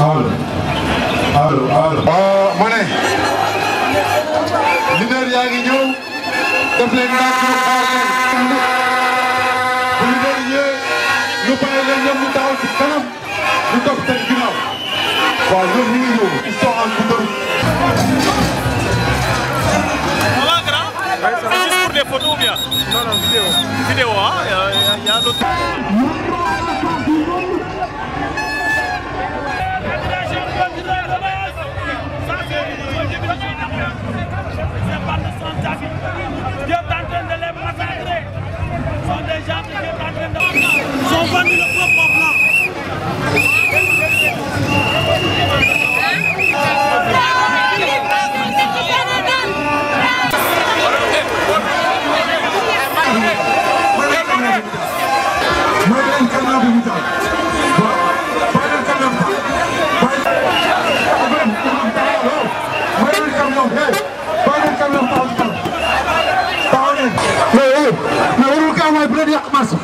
allo allo allo. ma ne. leader yaa ngi ñëw. def leen ndànk ñu xaar leen. bu leader yee ñu bàyyi leen ñoom ñu taxaw ci kanam ñu topp seen ginnaaw. waaw ñoom ñu ngi ñëw ils sont en couleur. Juste pour des photos ou bien Non, non, vidéo. Vidéo, hein Il y a, y a, y a Ces bandes sont habiles. Dieu est en train de les massacrer. Ce sont des gens que Dieu est en train de massacrer. Ils sont venus le peuple blanc. Thank you. leen yàq marché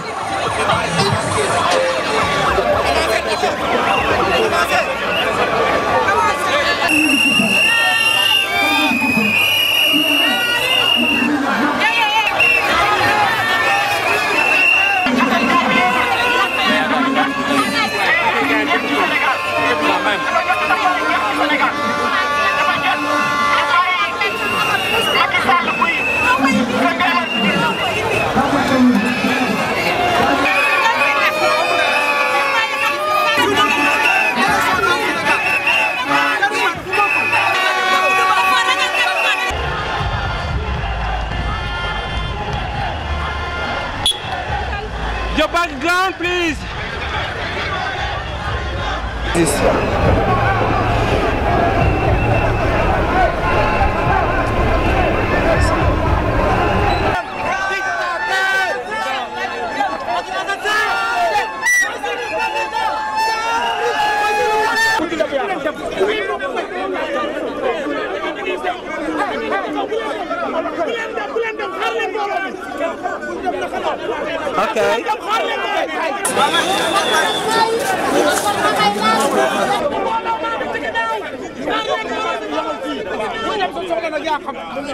justice Okay. yaa xam.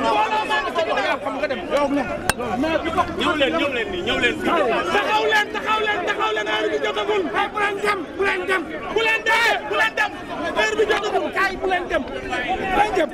ñëw leen ñëw leen nii ñëw leen fii. taxaw leen taxaw leen taxaw leen heure bi jotagul. bu leen dem bu leen dem. bu leen dem bu leen dem heure bi jotagul kaay bu leen dem bu leen dem.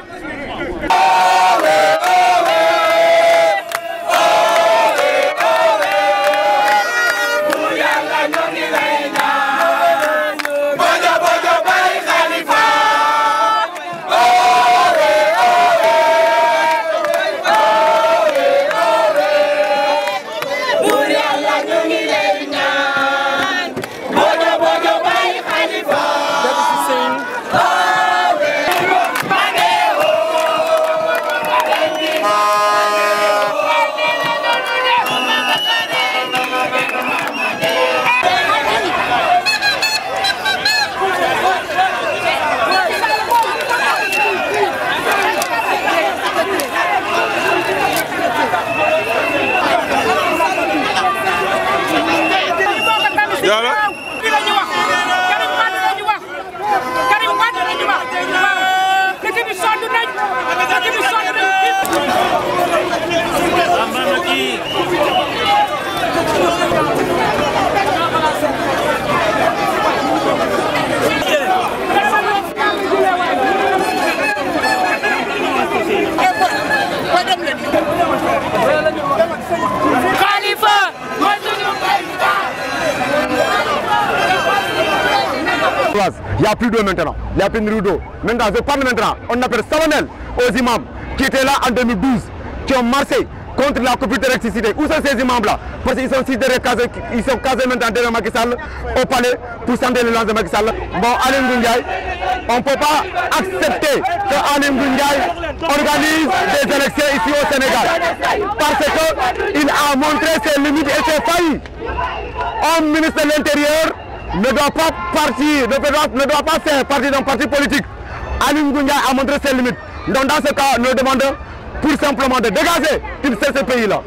yàlla kii la ñu wax Karim Wade la ñu wax Karim Wade la ñu wax waaw dëkk bi sonn nañ dëkk bi sonn nañ a plus d'eau maintenant. Il n'y a plus de d'eau. Maintenant, je aux imams qui étaient là en 2012, qui ont contre la coupure d'électricité. Où sont ces imams-là Parce qu'ils sont, casés, ils sont casés maintenant derrière Macky Sall, au palais, pour sonder le de Macky Bon, Alain Goundiaï, on peut pas accepter que Alain Goundiaï organise des élections ici au Sénégal. Parce qu'il a montré ses limites et ses failles. Un ministre de l'Intérieur, ne doit pas partir, ne doit pas faire partie d'un parti politique. Aline Gounia a montré ses limites. Donc dans ce cas, nous demandons pour simplement de dégager qu'il sait ce pays-là.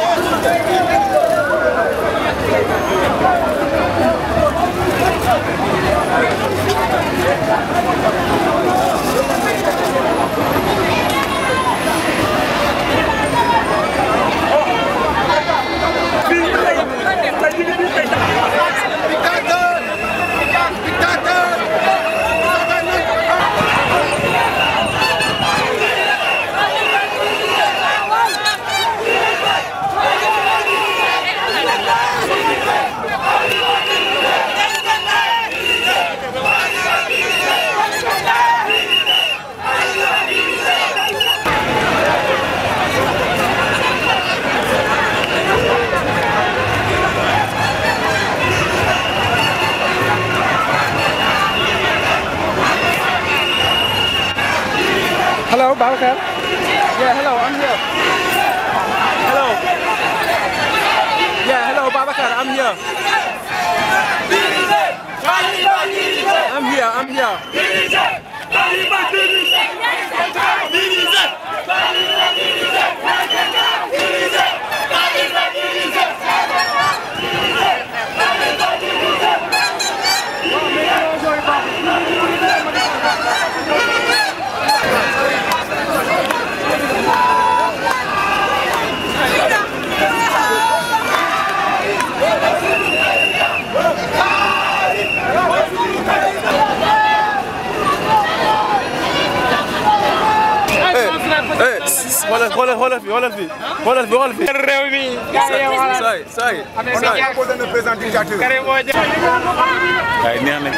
Thank you. Hello, Balkan. Yeah, hello, I'm here. Hello. Yeah, hello, Babakar, I'm here. I'm here, I'm here. xoolal xoolal xoolal fii xoolal fii xoolal fii xoolal fii. réew mi. say say say neex nañ.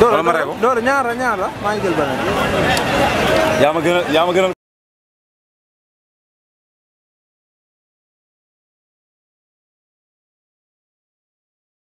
Dóor ma rey ko Dóor ñaar la ñaar la maa ngi jël beneen. yaa ma gënal yaa ma gënal